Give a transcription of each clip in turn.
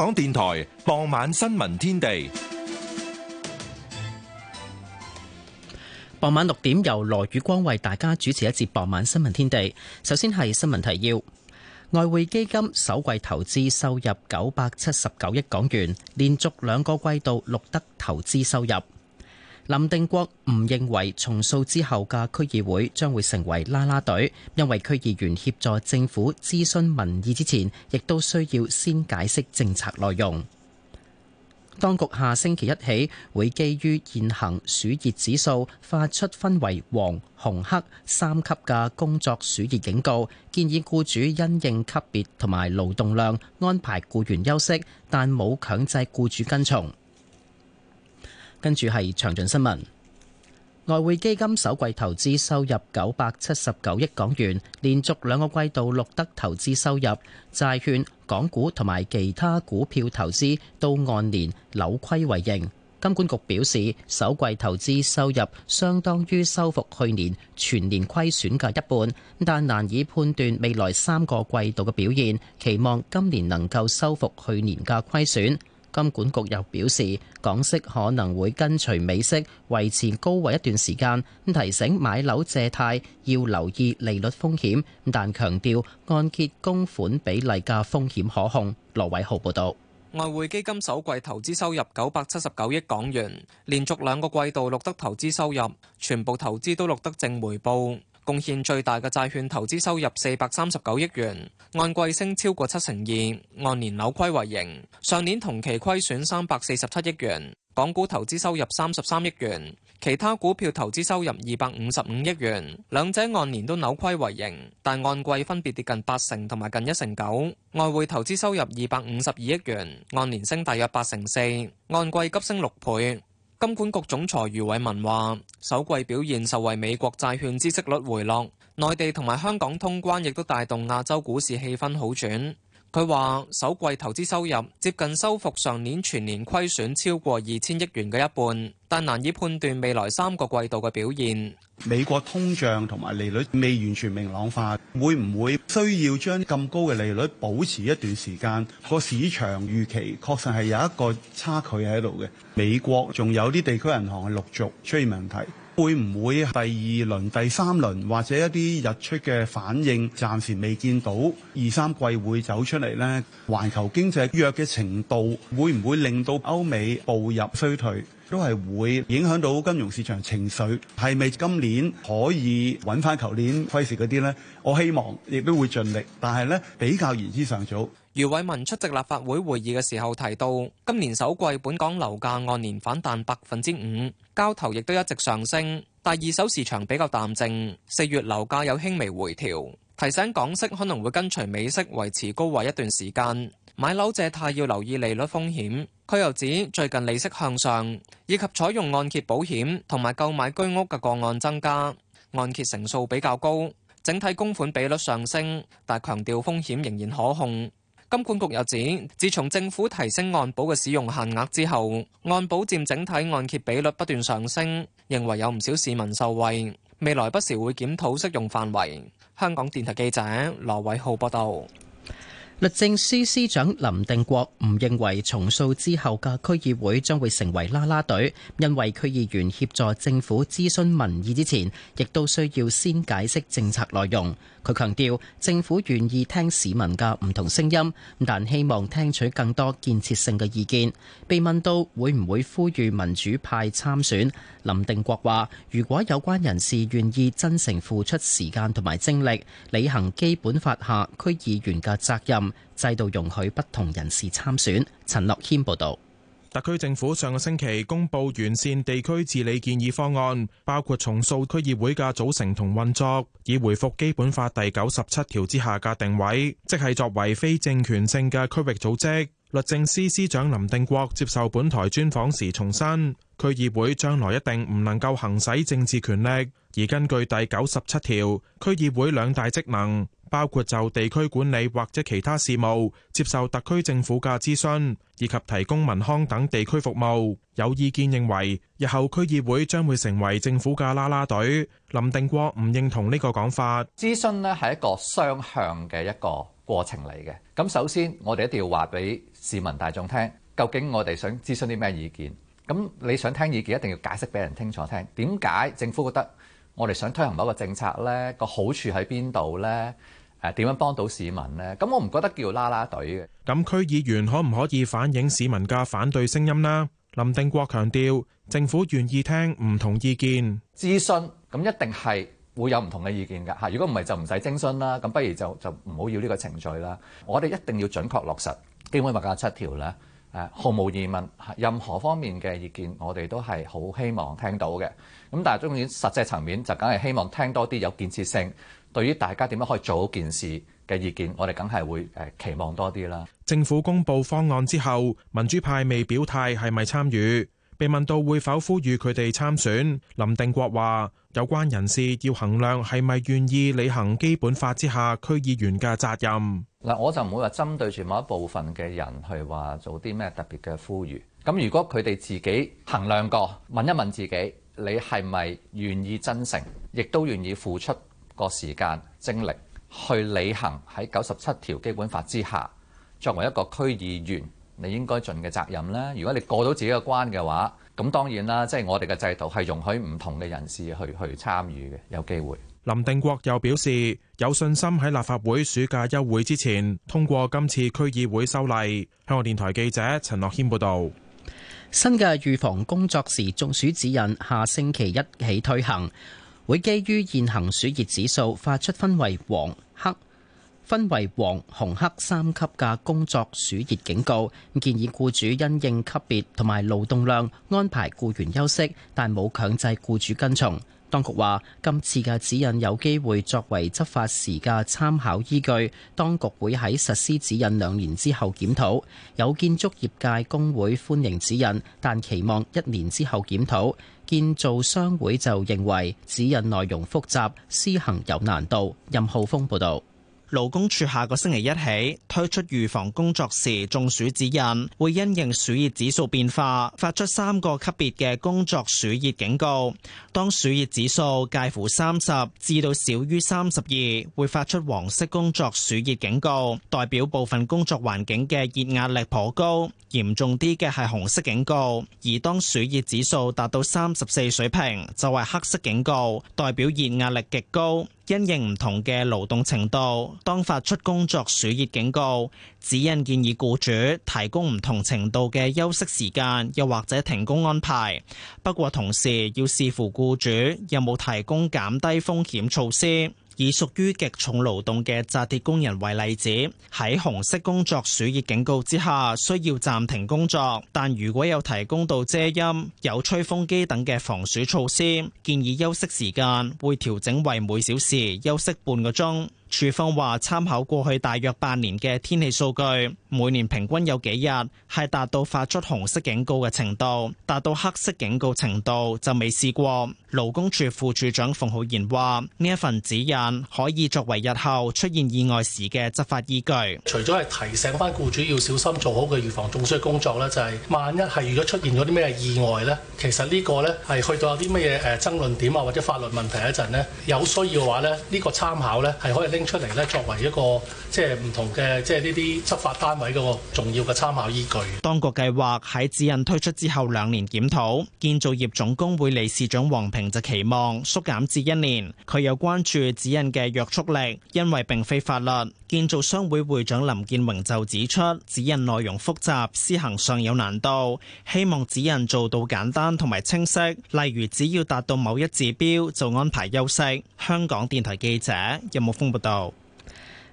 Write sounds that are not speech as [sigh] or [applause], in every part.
港電台傍晚新聞天地，傍晚六點由羅宇光為大家主持一節傍晚新聞天地。首先係新聞提要：外匯基金首季投資收入九百七十九億港元，連續兩個季度錄得投資收入。林定國唔認為重塑之後嘅區議會將會成為拉拉隊，因為區議員協助政府諮詢民意之前，亦都需要先解釋政策內容。當局下星期一起會基於現行暑熱指數，發出分為黃、紅、黑三級嘅工作暑熱警告，建議僱主因應級別同埋勞動量安排僱員休息，但冇強制僱主跟從。跟住係詳盡新聞。外匯基金首季投資收入九百七十九億港元，連續兩個季度錄得投資收入。債券、港股同埋其他股票投資都按年扭虧為盈。金管局表示，首季投資收入相當於收復去年全年虧損嘅一半，但難以判斷未來三個季度嘅表現，期望今年能夠收復去年嘅虧損。金管局又表示，港息可能會跟隨美息，維持高位一段時間，提醒買樓借貸要留意利率風險，但強調按揭供款比例嘅風險可控。羅偉浩報道。外匯基金首季投資收入九百七十九億港元，連續兩個季度錄得投資收入，全部投資都錄得正回報。貢獻最大嘅債券投資收入四百三十九億元，按季升超過七成二，按年扭虧為盈。上年同期虧損三百四十七億元。港股投資收入三十三億元，其他股票投資收入二百五十五億元，兩者按年都扭虧為盈，但按季分別跌近八成同埋近一成九。外匯投資收入二百五十二億元，按年升大約八成四，按季急升六倍。金管局總裁余偉文話：首季表現受惠美國債券孳息率回落，內地同埋香港通關亦都帶動亞洲股市氣氛好轉。佢話：首季投資收入接近收復上年全年虧損超過二千億元嘅一半，但難以判斷未來三個季度嘅表現。美國通脹同埋利率未完全明朗化，會唔會需要將咁高嘅利率保持一段時間？個市場預期確實係有一個差距喺度嘅。美國仲有啲地區銀行係陸續出現問題。會唔會第二輪、第三輪或者一啲日出嘅反應暫時未見到？二三季會走出嚟呢？環球經濟弱嘅程度會唔會令到歐美步入衰退？都係會影響到金融市場情緒。係咪今年可以揾翻舊年虧蝕嗰啲呢，我希望亦都會盡力，但係呢，比較言之尚早。余偉文出席立法會會議嘅時候提到，今年首季本港樓價按年反彈百分之五，交投亦都一直上升，但二手市場比較淡靜。四月樓價有輕微回調，提醒港息可能會跟隨美息維持高位一段時間。買樓借貸要留意利率風險。佢又指最近利息向上，以及採用按揭保險同埋購買居屋嘅個案增加，按揭成數比較高，整體供款比率上升，但強調風險仍然可控。金管局又指，自從政府提升按保嘅使用限額之後，按保佔整體按揭比率不斷上升，認為有唔少市民受惠，未來不時會檢討適用範圍。香港電台記者羅偉浩報道。律政司司長林定國唔認為重塑之後嘅區議會將會成為啦啦隊，因為區議員協助政府諮詢民意之前，亦都需要先解釋政策內容。佢強調，政府願意聽市民嘅唔同聲音，但希望聽取更多建設性嘅意見。被問到會唔會呼籲民主派參選？林定國話，如果有關人士願意真誠付出時間同埋精力，履行基本法下區議員嘅責任，制度容許不同人士參選。陳樂謙報道，特區政府上個星期公布完善地區治理建議方案，包括重塑區議會嘅組成同運作，以回復基本法第九十七條之下嘅定位，即係作為非政權性嘅區域組織。律政司司長林定國接受本台專訪時重申，區議會將來一定唔能夠行使政治權力。而根據第九十七條，區議會兩大職能包括就地區管理或者其他事務接受特區政府嘅諮詢，以及提供民康等地區服務。有意見認為，日後區議會將會成為政府嘅啦啦隊。林定國唔認同呢個講法，諮詢呢，係一個雙向嘅一個過程嚟嘅咁，首先我哋一定要話俾市民大眾聽，究竟我哋想諮詢啲咩意見？咁你想聽意見，一定要解釋俾人清楚聽。點解政府覺得我哋想推行某一個政策呢？個好處喺邊度呢？誒，點樣幫到市民呢？咁我唔覺得叫啦啦隊嘅。咁區議員可唔可以反映市民嘅反對聲音呢？林定國強調，政府願意聽唔同意見諮詢，咁一定係。會有唔同嘅意見㗎嚇，如果唔係就唔使徵詢啦，咁不如就就唔好要呢個程序啦。我哋一定要準確落實基本法嘅七條啦，誒毫無疑問，任何方面嘅意見我哋都係好希望聽到嘅。咁但係當然實際層面就梗係希望聽多啲有建設性，對於大家點樣可以做好件事嘅意見，我哋梗係會誒期望多啲啦。政府公布方案之後，民主派未表態係咪參與？被問到會否呼籲佢哋參選，林定國話：有關人士要衡量係咪願意履行基本法之下區議員嘅責任。嗱，我就唔會話針對住某一部分嘅人去話做啲咩特別嘅呼籲。咁如果佢哋自己衡量過，問一問自己，你係咪願意真誠，亦都願意付出個時間精力去履行喺九十七條基本法之下作為一個區議員。你應該盡嘅責任啦。如果你過到自己嘅關嘅話，咁當然啦，即係我哋嘅制度係容許唔同嘅人士去去參與嘅，有機會。林定國又表示，有信心喺立法會暑假休會之前通過今次區議會修例。香港電台記者陳樂軒報道。新嘅預防工作時中暑指引下星期一起推行，會基於現行暑熱指數發出，分為黃、黑。分為黃、紅、黑三級嘅工作暑熱警告，建議僱主因應級別同埋勞動量安排僱員休息，但冇強制僱主跟從。當局話，今次嘅指引有機會作為執法時嘅參考依據，當局會喺實施指引兩年之後檢討。有建築業界工會歡迎指引，但期望一年之後檢討。建造商會就認為指引內容複雜，施行有難度。任浩峰報導。勞工處下個星期一起推出預防工作時中暑指引，會因應暑熱指數變化，發出三個級別嘅工作暑熱警告。當暑熱指數介乎三十至到少於三十二，會發出黃色工作暑熱警告，代表部分工作環境嘅熱壓力頗高。嚴重啲嘅係紅色警告，而當暑熱指數達到三十四水平，就係黑色警告，代表熱壓力極高。因應唔同嘅勞動程度，當發出工作暑熱警告，指引建議僱主提供唔同程度嘅休息時間，又或者停工安排。不過，同時要視乎僱主有冇提供減低風險措施。以屬於極重勞動嘅紮鐵工人為例子，喺紅色工作暑熱警告之下，需要暫停工作。但如果有提供到遮陰、有吹風機等嘅防暑措施，建議休息時間會調整為每小時休息半個鐘。處方話：參考過去大約八年嘅天氣數據，每年平均有幾日係達到發出紅色警告嘅程度，達到黑色警告程度就未試過。勞工處副處長馮浩然話：呢一份指引可以作為日後出現意外時嘅執法依據。除咗係提醒翻雇主要小心做好嘅預防中暑工作呢就係、是、萬一係如果出現咗啲咩意外呢？其實呢個呢係去到有啲咩嘢誒爭論點啊，或者法律問題一陣呢，有需要嘅話咧，呢、這個參考呢係可以出嚟呢，作為一個即係唔同嘅即係呢啲執法單位嘅重要嘅參考依據。當局計劃喺指引推出之後兩年檢討。建造業總工會理事長黃平就期望縮減至一年。佢有關注指引嘅約束力，因為並非法律。建造商會會長林建榮就指出，指引內容複雜，施行上有難度。希望指引做到簡單同埋清晰。例如只要達到某一指標，就安排休息。香港電台記者任木風報道。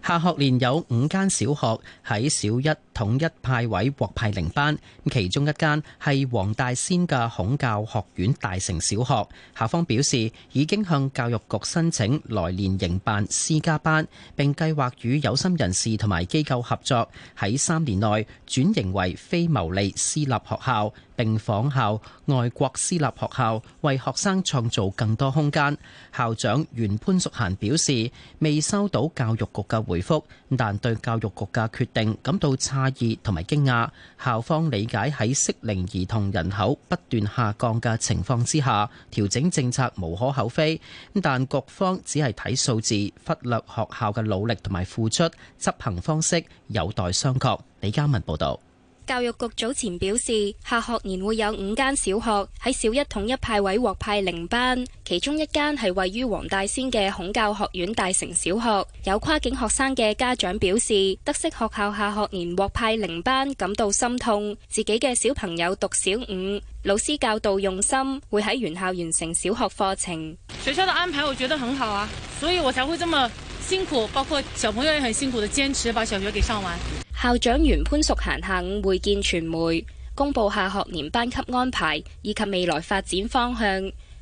下學年有五間小學喺小一統一派位獲派零班，其中一間係黃大仙嘅孔教學院大成小學。校方表示已經向教育局申請來年營辦私家班，並計劃與有心人士同埋機構合作，喺三年內轉型為非牟利私立學校。並仿效外國私立學校，為學生創造更多空間。校長袁潘淑嫻表示，未收到教育局嘅回覆，但對教育局嘅決定感到詫異同埋驚訝。校方理解喺適齡兒童人口不斷下降嘅情況之下，調整政策無可厚非。但局方只係睇數字，忽略學校嘅努力同埋付出，執行方式有待商榷。李嘉文報導。教育局早前表示，下學年會有五間小學喺小一統一派位獲派零班，其中一間係位於黃大仙嘅孔教學院大成小學。有跨境學生嘅家長表示，得悉學校下學年獲派零班，感到心痛。自己嘅小朋友讀小五，老師教導用心，會喺原校完成小學課程。學校的安排我覺得很好啊，所以我才會這麼辛苦，包括小朋友也很辛苦地堅持把小學給上完。校長袁潘淑嫻下午會見傳媒，公布下學年班級安排以及未來發展方向。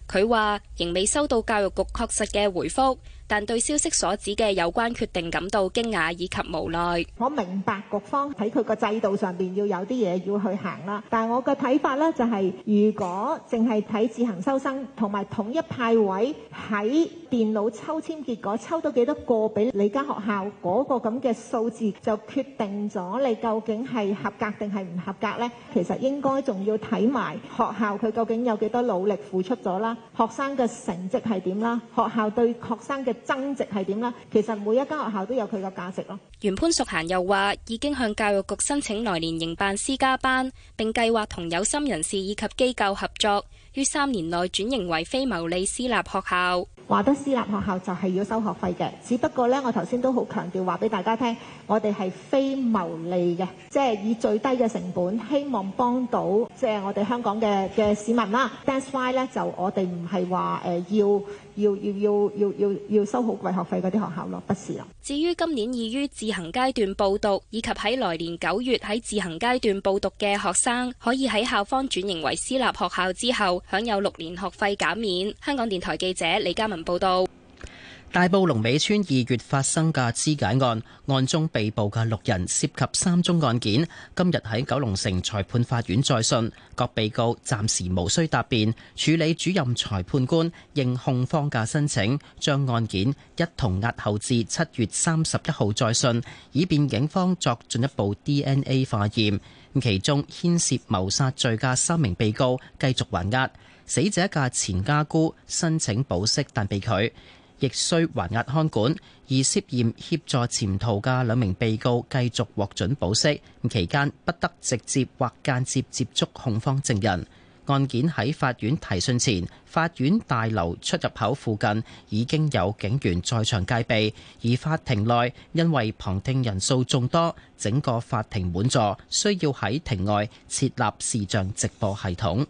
佢話，仍未收到教育局確實嘅回覆但對消息所指嘅有關決定感到驚訝以及無奈。我明白局方喺佢個制度上邊要有啲嘢要去行啦，但係我嘅睇法咧就係、是，如果淨係睇自行收生同埋統一派位喺電腦抽籤結果抽到幾多個俾你間學校嗰、那個咁嘅數字，就決定咗你究竟係合格定係唔合格咧？其實應該仲要睇埋學校佢究竟有幾多努力付出咗啦，學生嘅成績係點啦，學校對學生嘅增值係點呢？其實每一間學校都有佢個價值咯。袁潘淑嫻又話：已經向教育局申請來年營辦私家班，並計劃同有心人士以及機構合作，於三年內轉型為非牟利私立學校。話得私立學校就係要收學費嘅，只不過呢，我頭先都好強調話俾大家聽，我哋係非牟利嘅，即係以最低嘅成本，希望幫到即係我哋香港嘅嘅市民啦。That's why 咧，就我哋唔係話誒要。要要要要要要收好貴學費嗰啲學校咯，不是啊。至於今年已於自行階段報讀，以及喺來年九月喺自行階段報讀嘅學生，可以喺校方轉型為私立學校之後，享有六年學費減免。香港電台記者李嘉文報道。大埔龍尾村二月發生嘅肢解案，案中被捕嘅六人涉及三宗案件。今日喺九龍城裁判法院再訊，各被告暫時無需答辯。處理主任裁判官應控方嘅申請，將案件一同押後至七月三十一號再訊，以便警方作進一步 DNA 化驗。其中牽涉謀殺罪嘅三名被告繼續還押。死者嘅前家姑申請保釋，但被拒。亦需還押看管，而涉嫌協助潛逃嘅兩名被告繼續獲准保釋，期間不得直接或間接接觸控方證人。案件喺法院提訊前，法院大樓出入口附近已經有警員在場戒備，而法庭內因為旁聽人數眾多，整個法庭滿座，需要喺庭外設立視像直播系統。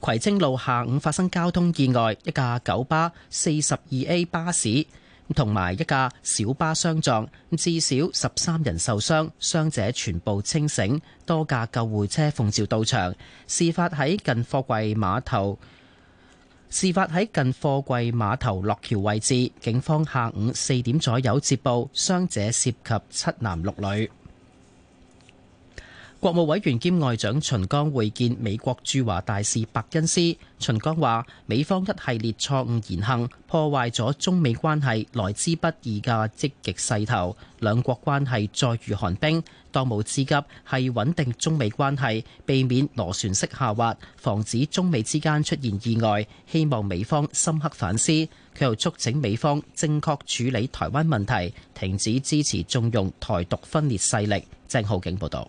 葵青路下午發生交通意外，一架九巴四十二 A 巴士同埋一架小巴相撞，至少十三人受傷，傷者全部清醒，多架救護車奉召到場，事發喺近貨櫃碼頭，事發喺近貨櫃碼頭落橋位置。警方下午四點左右接報，傷者涉及七男六女。國務委員兼外長秦剛會見美國駐華大使白恩斯。秦剛話，美方一系列錯誤言行破壞咗中美關係來之不易嘅積極勢頭，兩國關係再遇寒冰。當務之急係穩定中美關係，避免螺旋式下滑，防止中美之間出現意外。希望美方深刻反思，佢又促請美方正確處理台灣問題，停止支持縱容台獨分裂勢力。鄭浩景報道。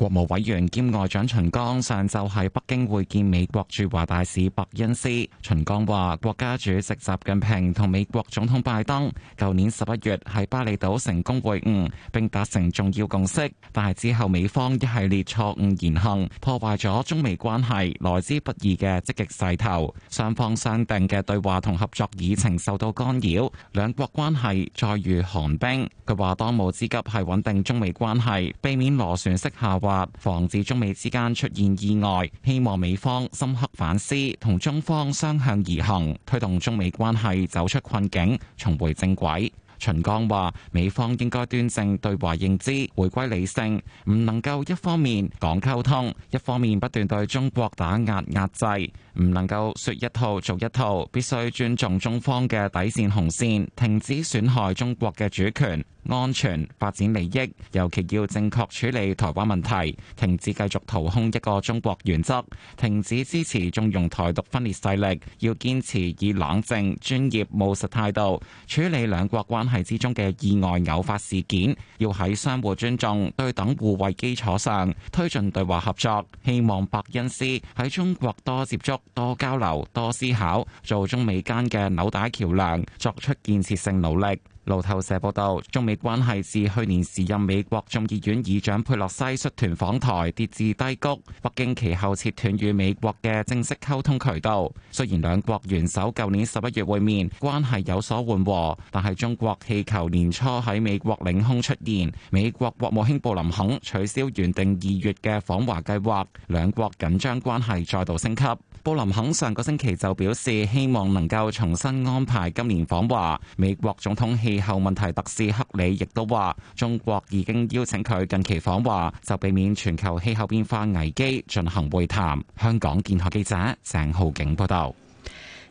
國務委員兼外長秦剛上晝喺北京會見美國駐華大使伯恩斯。秦剛話：國家主席習近平同美國總統拜登舊年十一月喺巴厘島成功會晤，並達成重要共識。但係之後美方一系列錯誤言行，破壞咗中美關係來之不易嘅積極勢頭，雙方商定嘅對話同合作議程受到干擾，兩國關係再遇寒冰。佢話：當務之急係穩定中美關係，避免螺旋式下滑。防止中美之間出現意外，希望美方深刻反思，同中方相向而行，推動中美關係走出困境，重回正軌。秦剛話：美方應該端正對華認知，回歸理性，唔能夠一方面講溝通，一方面不斷對中國打壓壓制。唔能夠說一套做一套，必須尊重中方嘅底線紅線，停止損害中國嘅主權、安全、發展利益。尤其要正確處理台灣問題，停止繼續掏空一個中國原則，停止支持縱容台獨分裂勢力。要堅持以冷靜、專業、務實態度處理兩國關係之中嘅意外偶發事件。要喺相互尊重、對等互惠基礎上推進對話合作。希望白恩斯喺中國多接觸。多交流、多思考，做中美間嘅紐帶橋梁，作出建設性努力。路透社報道，中美關係自去年時任美國眾議院議長佩洛西率團訪台跌至低谷，北京其後切斷與美國嘅正式溝通渠道。雖然兩國元首舊年十一月會面，關係有所緩和，但係中國氣球年初喺美國領空出現，美國國務卿布林肯取消原定二月嘅訪華計劃，兩國緊張關係再度升級。布林肯上個星期就表示，希望能夠重新安排今年訪華。美國總統氣候問題特使克里亦都話，中國已經邀請佢近期訪華，就避免全球氣候變化危機進行會談。香港電台記者鄭浩景報道。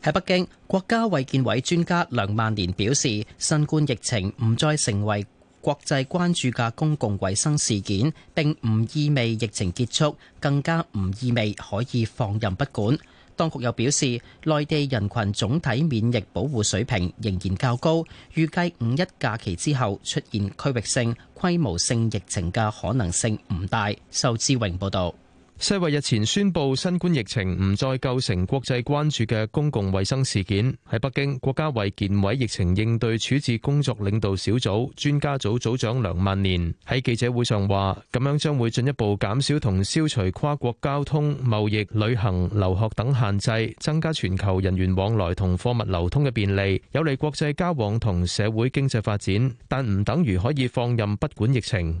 喺北京，國家衛健委專家梁萬年表示，新冠疫情唔再成為。國際關注嘅公共衛生事件並唔意味疫情結束，更加唔意味可以放任不管。當局又表示，內地人群總體免疫保護水平仍然較高，預計五一假期之後出現區域性、規模性疫情嘅可能性唔大。仇志榮報道。世衛日前宣布，新冠疫情唔再構成國際關注嘅公共衛生事件。喺北京，國家衛健委疫情應對處置工作領導小組專家組組長梁萬年喺記者會上話，咁樣將會進一步減少同消除跨國交通、貿易、旅行、留學等限制，增加全球人員往來同貨物流通嘅便利，有利國際交往同社會經濟發展。但唔等於可以放任不管疫情。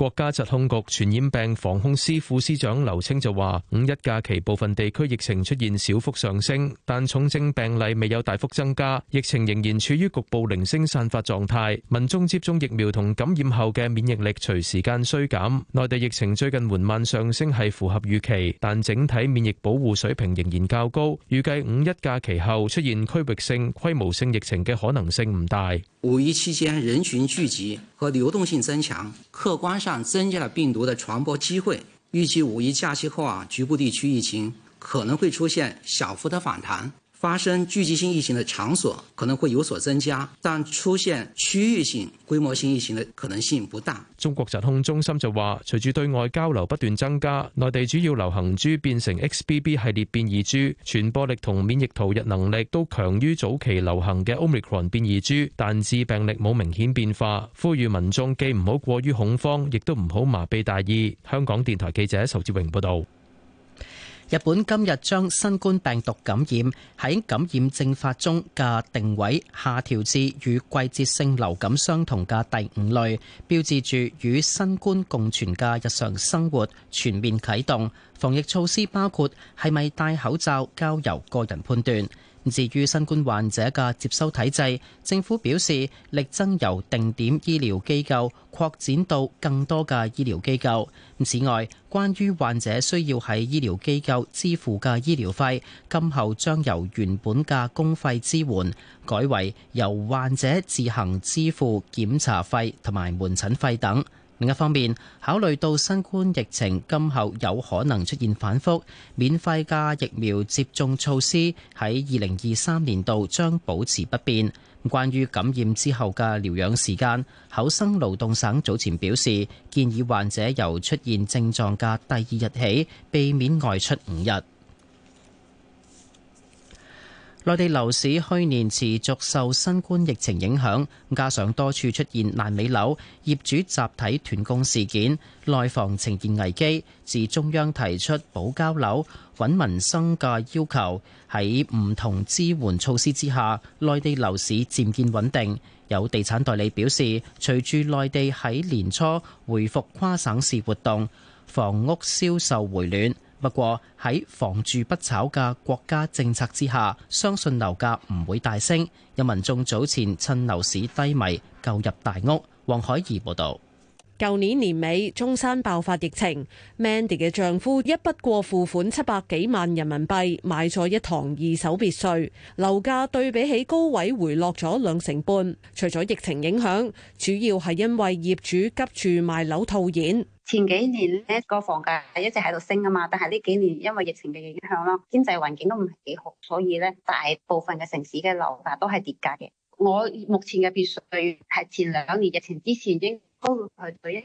國家疾控局傳染病防控司副司長劉清就話：五一假期部分地區疫情出現小幅上升，但重症病例未有大幅增加，疫情仍然處於局部零星散發狀態。民眾接種疫苗同感染後嘅免疫力隨時間衰減，內地疫情最近緩慢上升係符合預期，但整體免疫保護水平仍然較高。預計五一假期後出現區域性、規模性疫情嘅可能性唔大。五一期間人群聚集和流動性增強，客觀上，但增加了病毒的傳播機會，預計五一假期後啊，局部地區疫情可能會出現小幅的反彈。發生聚集性疫情嘅場所可能會有所增加，但出現區域性、規模性疫情嘅可能性不大。中國疾控中心就話，隨住對外交流不斷增加，內地主要流行株變成 XBB 系列變異株，傳播力同免疫逃逸能力都強於早期流行嘅 Omicron 變異株，但致病力冇明顯變化。呼籲民眾既唔好過於恐慌，亦都唔好麻痹大意。香港電台記者仇志榮報道。日本今日將新冠病毒感染喺感染政法感染症法中嘅定位下調至與季節性流感相同嘅第五類，標誌住與新冠共存嘅日常生活全面啟動。防疫措施包括係咪戴口罩，交由個人判斷。至於新冠患者嘅接收體制，政府表示力爭由定點醫療機構擴展到更多嘅醫療機構。此外，關於患者需要喺醫療機構支付嘅醫療費，今後將由原本嘅公費支援，改為由患者自行支付檢查費同埋門診費等。另一方面，考慮到新冠疫情今後有可能出現反復，免費嘅疫苗接種措施喺二零二三年度將保持不變，關於感染之後嘅療養時間，厚生勞動省早前表示，建議患者由出現症狀嘅第二日起，避免外出五日。內地樓市去年持續受新冠疫情影響，加上多處出現爛尾樓、業主集體斷供事件，內房呈現危機。自中央提出保交樓、穩民生嘅要求，喺唔同支援措施之下，內地樓市漸見穩定。有地產代理表示，隨住內地喺年初回復跨省市活動，房屋銷售回暖。不過喺房住不炒嘅國家政策之下，相信樓價唔會大升。有民眾早前趁樓市低迷購入大屋。黃海怡報導，舊年年尾中山爆發疫情，Mandy 嘅丈夫一筆過付款七百幾萬人民幣買咗一幢二手別墅，樓價對比起高位回落咗兩成半。除咗疫情影響，主要係因為業主急住賣樓套現。前幾年咧個房價係一直喺度升啊嘛，但係呢幾年因為疫情嘅影響咯，經濟環境都唔係幾好，所以咧大部分嘅城市嘅樓價都係跌價嘅。我目前嘅別墅係前兩年疫情之前已經高過佢。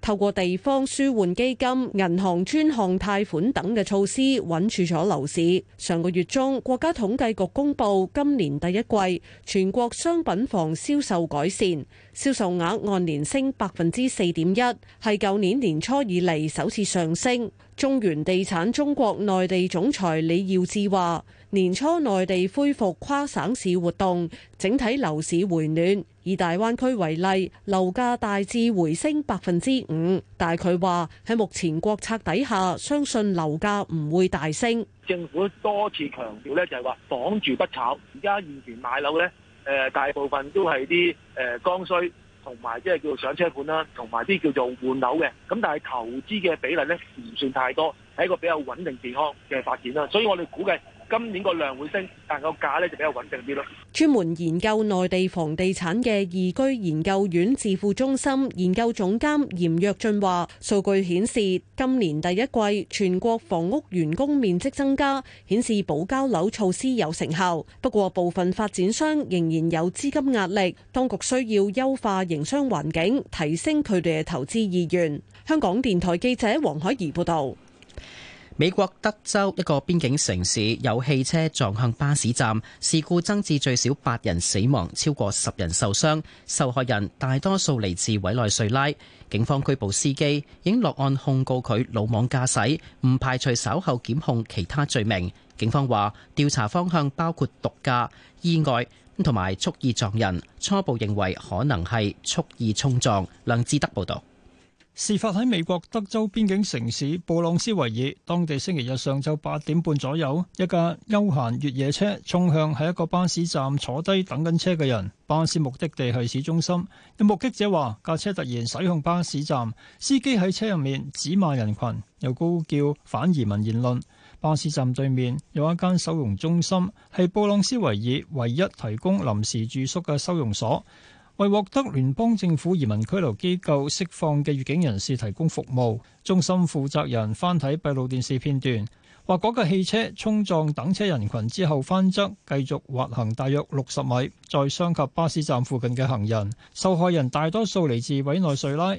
透過地方舒緩基金、銀行專項貸款等嘅措施穩住咗樓市。上個月中，國家統計局公布今年第一季全國商品房銷售改善，銷售額按年升百分之四點一，係舊年年初以嚟首次上升。中原地產中國內地總裁李耀智話：年初內地恢復跨省市活動，整體樓市回暖，以大灣區為例，樓價大致回升百分之五。但係佢話喺目前國策底下，相信樓價唔會大升。政府多次強調咧，就係話綁住不炒。而家現時買樓咧，誒、呃、大部分都係啲誒剛需同埋，即、呃、係叫做上車盤啦，同埋啲叫做換樓嘅。咁但係投資嘅比例咧，唔算太多，係一個比較穩定健康嘅發展啦。所以我哋估計。今年個量會升，但個價呢就比較穩定啲咯。專門研究內地房地產嘅易居研究院智庫中心研究總監嚴躍進話，數據顯示今年第一季全國房屋完工面積增加，顯示保交樓措施有成效。不過部分發展商仍然有資金壓力，當局需要優化營商環境，提升佢哋嘅投資意願。香港電台記者黃海怡報道。美國德州一個邊境城市有汽車撞向巴士站，事故增至最少八人死亡，超過十人受傷，受害人大多數嚟自委內瑞拉。警方拘捕司機，已落案控告佢魯莽駕駛，唔排除稍後檢控其他罪名。警方話調查方向包括毒駕、意外同埋蓄意撞人，初步認為可能係蓄意衝撞。梁志德報道。事發喺美國德州邊境城市布朗斯維爾，當地星期日上晝八點半左右，一架休閒越野車衝向喺一個巴士站坐低等緊車嘅人。巴士目的地係市中心，有目擊者話，架車突然駛向巴士站，司機喺車入面指罵人群，又高叫反移民言論。巴士站對面有一間收容中心，係布朗斯維爾唯一提供臨時住宿嘅收容所。為獲得聯邦政府移民拘留機構釋放嘅預警人士提供服務，中心負責人翻睇閉路電視片段，話嗰架汽車衝撞等車人群之後，翻側繼續滑行大約六十米，再傷及巴士站附近嘅行人。受害人大多數嚟自委內瑞拉。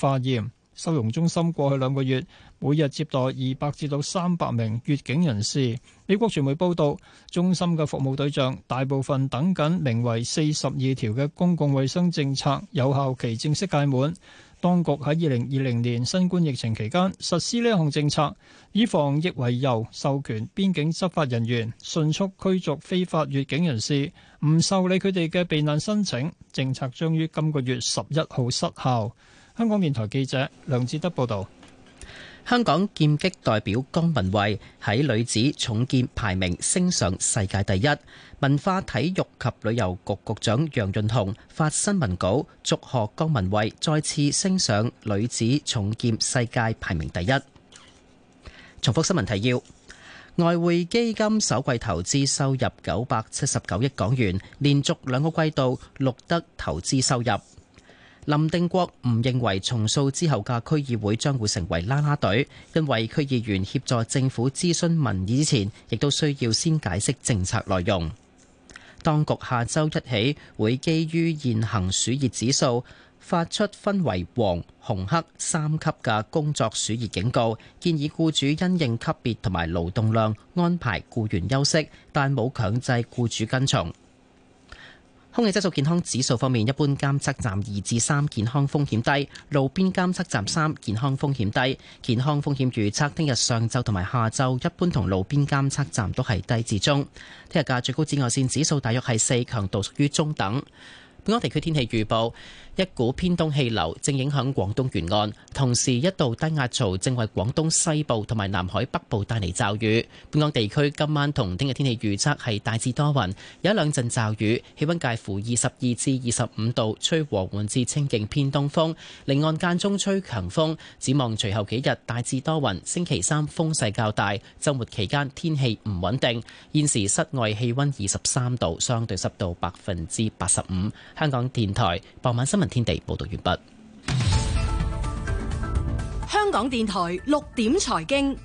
化驗。收容中心過去兩個月，每日接待二百至到三百名越境人士。美國傳媒報道，中心嘅服務對象大部分等緊名為四十二條嘅公共衛生政策有效期正式屆滿。當局喺二零二零年新冠疫情期間實施呢一項政策，以防疫為由授權邊境執法人員迅速驅逐非法越境人士，唔受理佢哋嘅避難申請。政策將於今個月十一號失效。香港電台記者梁志德報道，香港劍擊代表江文慧喺女子重劍排名升上世界第一。文化體育及旅遊局局長楊潤雄發新聞稿祝賀江文慧再次升上女子重劍世界排名第一。重複新聞提要：外匯基金首季投資收入九百七十九億港元，連續兩個季度錄得投資收入。林定國唔認為重塑之後嘅區議會將會成為啦啦隊，因為區議員協助政府諮詢民意之前，亦都需要先解釋政策內容。當局下周一起會基於現行暑熱指數，發出分為黃、紅、黑三級嘅工作暑熱警告，建議僱主因應級別同埋勞動量安排僱員休息，但冇強制僱主跟從。空氣質素健康指數方面，一般監測站二至三，健康風險低；路邊監測站三，健康風險低。健康風險預測，聽日上晝同埋下晝，一般同路邊監測站都係低至中。聽日嘅最高紫外線指數大約係四，強度屬於中等。本港地區天氣預報。一股偏東氣流正影響廣東沿岸，同時一道低壓槽正為廣東西部同埋南海北部帶嚟驟雨。本港地區今晚同聽日天氣預測係大致多雲，有一兩陣驟雨，氣溫介乎二十二至二十五度，吹和緩至清勁偏東風，離岸間中吹強風。展望隨後幾日大致多雲，星期三風勢較大，周末期間天氣唔穩定。現時室外氣溫二十三度，相對濕度百分之八十五。香港電台傍晚新聞。天地報道完畢。香港電台六點財經。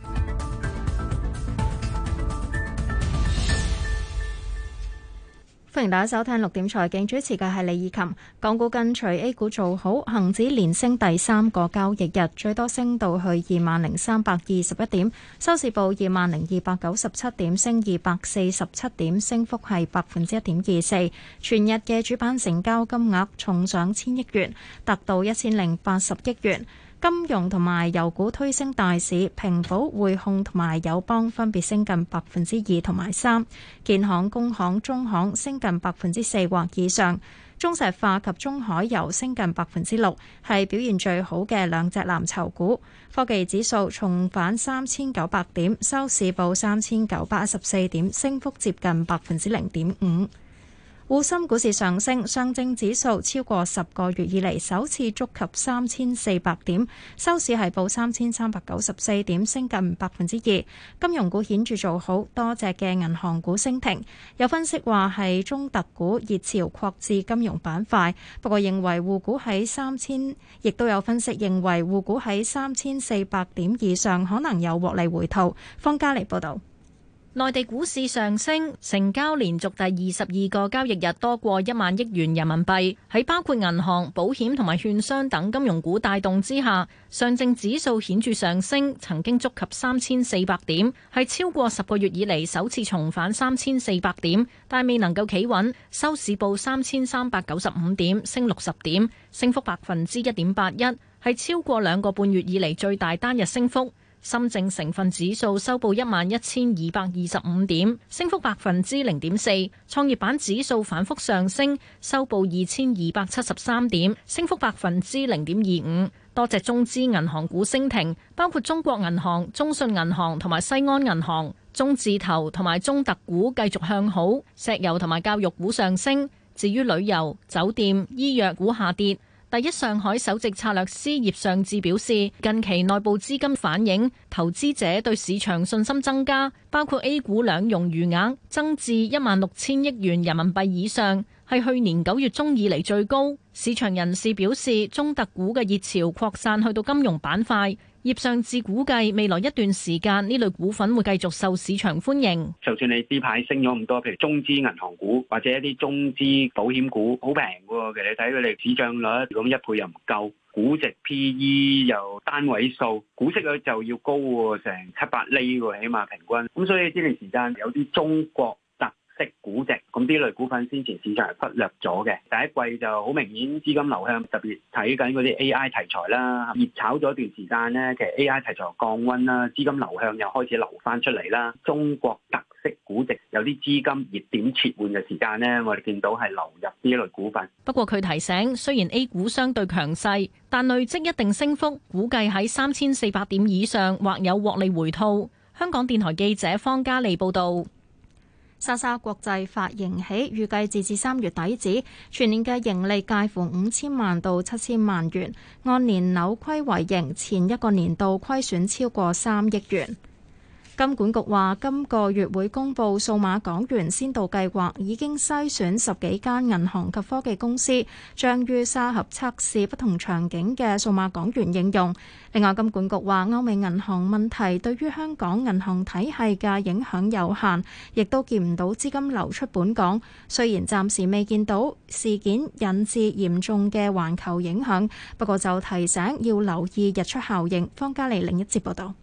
歡迎大家收聽六點財經，主持嘅係李綺琴。港股跟隨 A 股做好，恒指連升第三個交易日，最多升到去二萬零三百二十一點，收市報二萬零二百九十七點，升二百四十七點，升幅係百分之一點二四。全日嘅主板成交金額重上千億元，達到一千零八十億元。金融同埋油股推升大市，平保、匯控同埋友邦分別升近百分之二同埋三，建行、工行、中行升近百分之四或以上，中石化及中海油升近百分之六，係表現最好嘅兩隻藍籌股。科技指數重返三千九百點，收市報三千九百一十四點，升幅接近百分之零點五。滬深股市上升，上證指數超過十個月以嚟首次觸及三千四百點，收市係報三千三百九十四點，升近百分之二。金融股顯著做好，多隻嘅銀行股升停。有分析話係中特股熱潮擴至金融板塊，不過認為滬股喺三千，亦都有分析認為滬股喺三千四百點以上可能有獲利回吐。方嘉莉報道。內地股市上升，成交連續第二十二個交易日多過一萬億元人民幣。喺包括銀行、保險同埋券商等金融股帶動之下，上證指數顯著上升，曾經觸及三千四百點，係超過十個月以嚟首次重返三千四百點，但未能夠企穩，收市報三千三百九十五點，升六十點，升幅百分之一點八一，係超過兩個半月以嚟最大單日升幅。深證成分指數收報一萬一千二百二十五點，升幅百分之零點四。創業板指數反覆上升，收報二千二百七十三點，升幅百分之零點二五。多隻中資銀行股升停，包括中國銀行、中信銀行同埋西安銀行。中字頭同埋中特股繼續向好，石油同埋教育股上升，至於旅遊酒店醫藥股下跌。第一上海首席策略師葉尚志表示，近期內部資金反映投資者對市場信心增加，包括 A 股兩融餘額增至一萬六千億元人民幣以上，係去年九月中以嚟最高。市場人士表示，中特股嘅熱潮擴散去到金融板塊。業上智估計未來一段時間呢類股份會繼續受市場歡迎。就算你啲牌升咗咁多，譬如中資銀行股或者一啲中資保險股，好平嘅。其實你睇佢哋市賬率，咁一倍又唔夠，估值 PE 又單位數股息率就要高喎，成七八厘喎，起碼平均。咁所以呢段時間有啲中國。色估值，咁呢類股份先前市場係忽略咗嘅。第一季就好明顯資金流向，特別睇緊嗰啲 A I 題材啦，熱炒咗一段時間咧，其實 A I 題材降溫啦，資金流向又開始流翻出嚟啦，中國特色估值有啲資金熱點切換嘅時間咧，我哋見到係流入呢類股份。不過佢提醒，雖然 A 股相對強勢，但累積一定升幅，估計喺三千四百點以上，或有獲利回吐。香港電台記者方嘉莉報道。莎莎國際發盈喜，預計截至三月底止，全年嘅盈利介乎五千萬到七千萬元，按年扭虧為盈，前一個年度虧損超過三億元。金管局話，今個月會公布數碼港元先導計劃，已經篩選十幾間銀行及科技公司，將於沙盒測試不同場景嘅數碼港元應用。另外，金管局話歐美銀行問題對於香港銀行體系嘅影響有限，亦都見唔到資金流出本港。雖然暫時未見到事件引致嚴重嘅環球影響，不過就提醒要留意日出效應。方家莉另一節報導。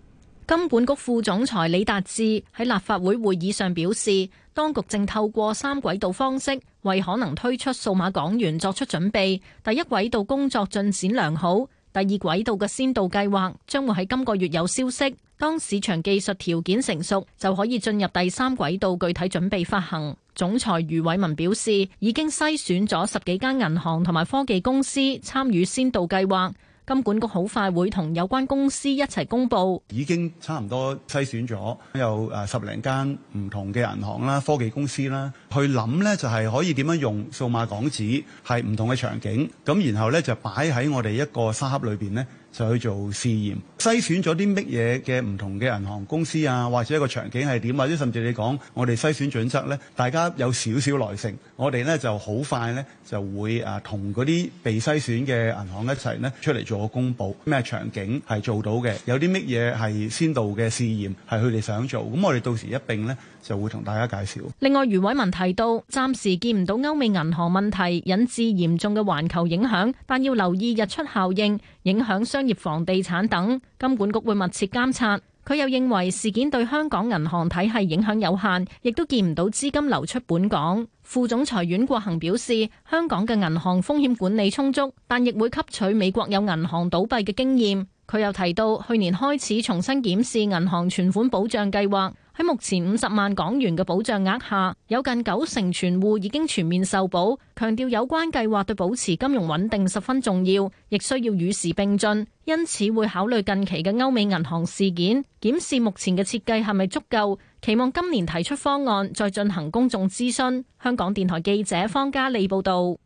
金管局副總裁李達志喺立法會會議上表示，當局正透過三軌道方式為可能推出數碼港元作出準備。第一軌道工作進展良好，第二軌道嘅先導計劃將會喺今個月有消息。當市場技術條件成熟，就可以進入第三軌道具體準備發行。總裁余偉文表示，已經篩選咗十幾間銀行同埋科技公司參與先導計劃。金管局好快會同有關公司一齊公佈，已經差唔多篩選咗有誒十零間唔同嘅銀行啦、科技公司啦，去諗咧就係可以點樣用數碼港紙喺唔同嘅場景，咁然後咧就擺喺我哋一個沙盒裏邊咧。就去做試驗，篩選咗啲乜嘢嘅唔同嘅銀行公司啊，或者一個場景係點，或者甚至你講我哋篩選準則咧，大家有少少耐性，我哋咧就好快咧就會啊同嗰啲被篩選嘅銀行一齊咧出嚟，做個公布咩場景係做到嘅，有啲乜嘢係先導嘅試驗，係佢哋想做，咁我哋到時一併咧就會同大家介紹。另外，余偉文提到，暫時見唔到歐美銀行問題引致嚴重嘅環球影響，但要留意日出效應。影響商業房地產等，金管局會密切監察。佢又認為事件對香港銀行體系影響有限，亦都見唔到資金流出本港。副總裁阮國恒表示，香港嘅銀行風險管理充足，但亦會吸取美國有銀行倒閉嘅經驗。佢又提到，去年開始重新檢視銀行存款保障計劃。喺目前五十萬港元嘅保障額下，有近九成存戶已經全面受保。強調有關計劃對保持金融穩定十分重要，亦需要與時並進。因此會考慮近期嘅歐美銀行事件，檢視目前嘅設計係咪足夠。期望今年提出方案，再進行公眾諮詢。香港電台記者方嘉莉報導。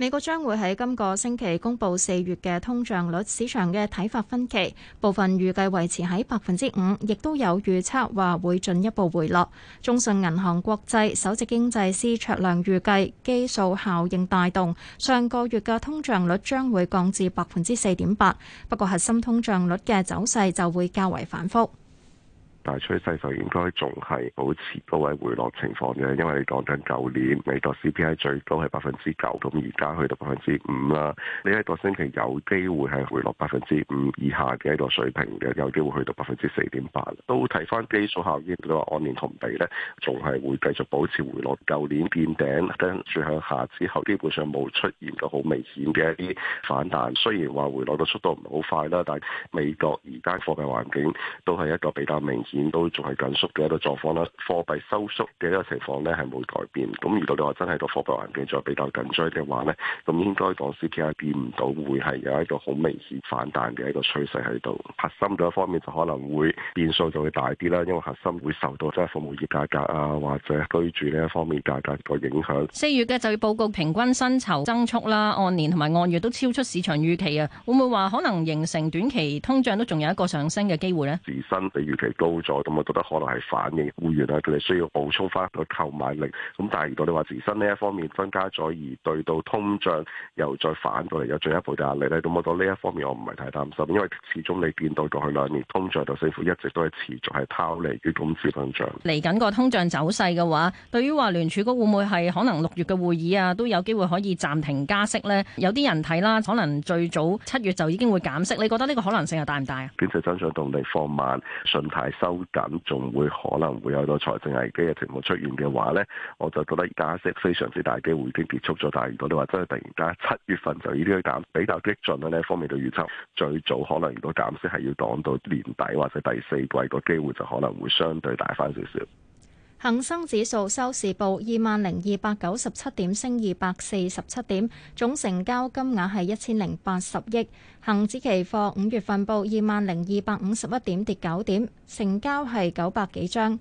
美國將會喺今個星期公佈四月嘅通脹率，市場嘅睇法分歧，部分預計維持喺百分之五，亦都有預測話會進一步回落。中信銀行國際首席經濟師卓亮預計，基數效應帶動上個月嘅通脹率將會降至百分之四點八，不過核心通脹率嘅走勢就會較為反覆。大趨勢上應該仲係保持高位回落情況嘅，因為你講緊舊年美國 CPI 最高係百分之九，咁而家去到百分之五啦。你、呢、一個星期有機會係回落百分之五以下嘅一個水平嘅，有機會去到百分之四點八。都睇翻基數效應都話，按年同比咧，仲係會繼續保持回落。舊年見頂跟住向下之後，基本上冇出現過好明顯嘅一啲反彈。雖然話回落嘅速度唔係好快啦，但係美國而家貨幣環境都係一個比較明。現都仲係緊縮嘅一個狀況啦，貨幣收縮嘅一個情況咧，係冇改變。咁如果你話真係個貨幣環境再比較緊張嘅話咧，咁應該講 CPI 變唔到會係有一個好明顯反彈嘅一個趨勢喺度。核心嗰一方面就可能會變數就會大啲啦，因為核心會受到即係服務業價格啊，或者居住呢一方面價格個影響。四月嘅就業報告平均薪酬增速啦，按年同埋按月都超出市場預期啊！會唔會話可能形成短期通脹都仲有一個上升嘅機會咧？自身比預期高。咁、嗯、我覺得可能係反映會員啊，佢哋需要補充翻個購買力。咁但係如果你話自身呢一方面增加咗，而對到通脹又再反過嚟，有進一步嘅壓力咧，咁、嗯、我覺得呢一方面我唔係太擔心，因為始終你見到過去兩年通脹就似乎一直都係持續係拋離於咁緊通脹。嚟緊個通脹走勢嘅話，對於話聯儲局會唔會係可能六月嘅會議啊，都有機會可以暫停加息咧？有啲人睇啦，可能最早七月就已經會減息。你覺得呢個可能性係大唔大啊？經濟增長動力放慢，信貸。收。收緊仲會可能會有個財政危機嘅情況出現嘅話呢，我就覺得加息非常之大嘅機會已經結束咗。但係如果你話真係突然間七月份就已經減比較激進咧，呢方面嘅預測最早可能如果減息係要擋到年底或者第四季，個機會就可能會相對大翻少少。恒生指數收市報二萬零二百九十七點，升二百四十七點，總成交金額係一千零八十億。恒指期貨五月份報二萬零二百五十一點，跌九點，成交係九百幾張。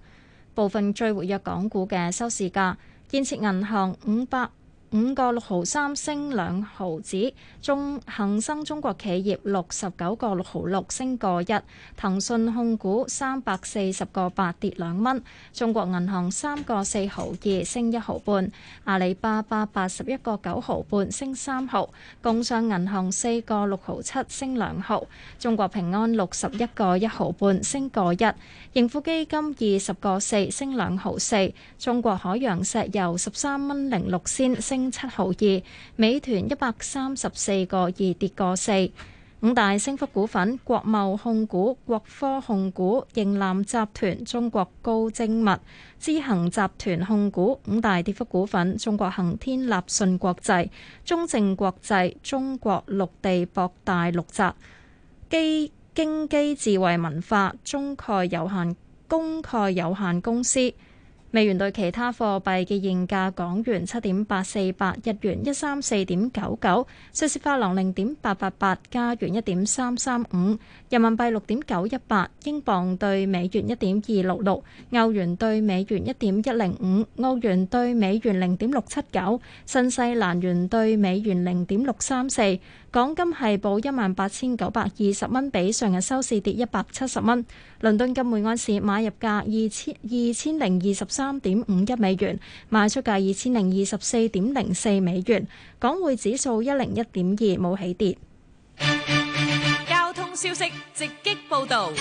部分最活躍港股嘅收市價：建設銀行五百，五個六毫三升兩毫紙，中恒生中國企業六十九個六毫六升個一，騰訊控股三百四十個八跌兩蚊，中國銀行三個四毫二升一毫半，阿里巴巴八十一個九毫半升三毫，工商銀行四個六毫七升兩毫，中國平安六十一個一毫半升個一，盈富基金二十個四升兩毫四，中國海洋石油十三蚊零六仙升。七毫二，美團一百三十四個二跌過四。五大升幅股份：國貿控股、國科控股、應南集團、中國高精密、支行集團控股。五大跌幅股份：中國恒天、立信國際、中正國際、中國陸地博大、陸澤、基京基智慧文化、中概有限、公概有限公司。美元兌其他貨幣嘅現價：港元七點八四八，日元一三四點九九，瑞士法郎零點八八八，加元一點三三五，人民幣六點九一八，英鎊對美元一點二六六，歐元對美元一點一零五，澳元對美元零點六七九，新西蘭元對美元零點六三四。港金係報一萬八千九百二十蚊，比上日收市跌一百七十蚊。倫敦金每安士買入價二千二千零二十三點五一美元，賣出價二千零二十四點零四美元。港匯指數一零一點二，冇起跌。交通消息直擊報道。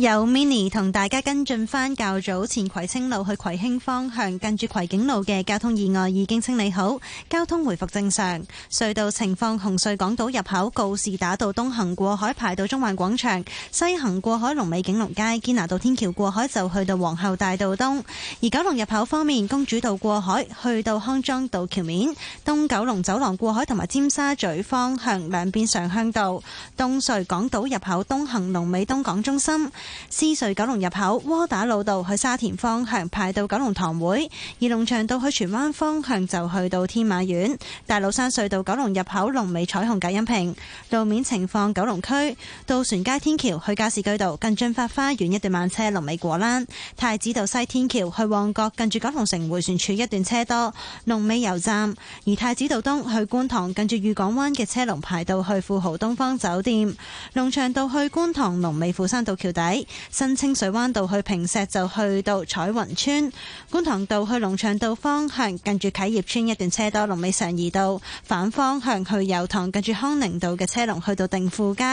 有 Mini 同大家跟進返較早前葵青路去葵興方向近住葵景路嘅交通意外已經清理好，交通回復正常。隧道情況：紅隧港島入口告士打道東行過海排到中環廣場，西行過海龍尾景隆街堅拿道天橋過海就去到皇后大道東。而九龍入口方面，公主道過海去到康莊道橋面，東九龍走廊過海同埋尖沙咀方向兩邊上鄉道，東隧港島入口東行龍尾東港中心。獅隧九龍入口窩打老道去沙田方向排到九龍塘會，而龍翔道去荃灣方向就去到天馬苑，大老山隧道九龍入口龍尾彩虹隔音屏路面情況，九龍區渡船街天橋去加士居道近駿發花園一段慢車龍尾果欄，太子道西天橋去旺角近住九龍城回旋處一段車多龍尾油站，而太子道東去觀塘近住御港灣嘅車龍排到去富豪東方酒店，龍翔道去觀塘龍尾富山道橋底。新清水灣道去坪石就去到彩雲村，觀塘道去龍翔道方向，近住啟業村一段車多，龍尾上移道，反方向去油塘，近住康寧道嘅車龍去到定富街，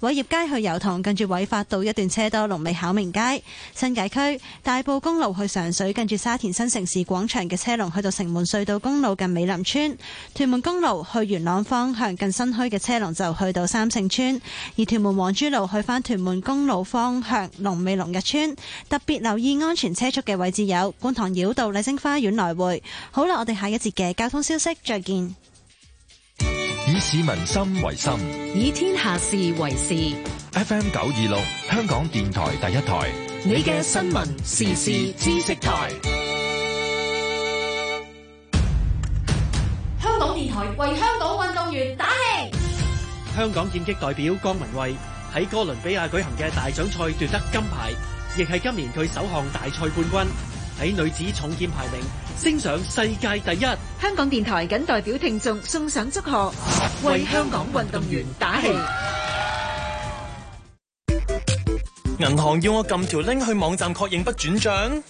偉業街去油塘，近住偉發道一段車多龍，龍尾考明街。新界區，大埔公路去上水，近住沙田新城市廣場嘅車龍去到城門隧道公路近美林村，屯門公路去元朗方向，近新墟嘅車龍就去到三聖村，而屯門黃珠路去翻屯門公路方。向龍尾龍日村，特別留意安全車速嘅位置有觀塘繞道麗晶花園來回。好啦，我哋下一節嘅交通消息再見。以市民心為心，以天下事為事。FM 九二六，香港電台第一台。你嘅新聞時事知識台。香港電台為香港運動員打氣。香港劍擊代表江文蔚，喺哥倫比亞舉行嘅大獎賽奪得金牌，亦係今年佢首項大賽冠軍。喺女子重劍排名升上世界第一。香港電台謹代表聽眾送上祝賀，為香港運動員打氣。銀行要我撳條 link 去網站確認不轉賬。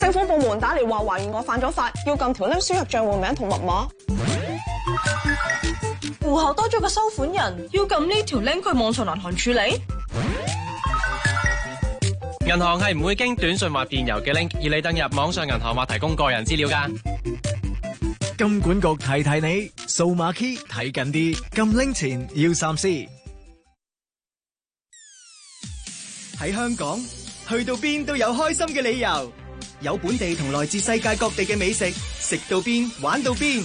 政府部門打嚟話懷疑我犯咗法，要撳條 link 輸入賬戶名同密碼。 [noise] 戶口多咗個收款人，要撳呢條 link 去網上銀行處理。銀行係唔會經短信或電郵嘅 link，而你登入網上銀行或提供個人資料噶。金管局提提你，數碼 key 睇緊啲，撳 link 前要三思。喺香港，去到邊都有開心嘅理由，有本地同來自世界各地嘅美食，食到邊玩到邊。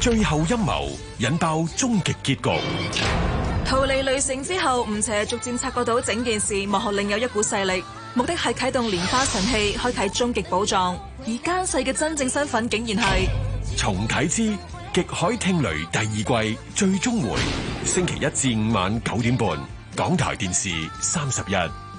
最後陰謀引爆終極結局。逃離旅程之後，吳邪逐漸察覺到整件事幕後另有一股勢力，目的係啟動蓮花神器，開啟終極寶藏。而奸細嘅真正身份竟然係……重啟之極海聽雷第二季最終回，星期一至五晚九點半，港台電視三十一。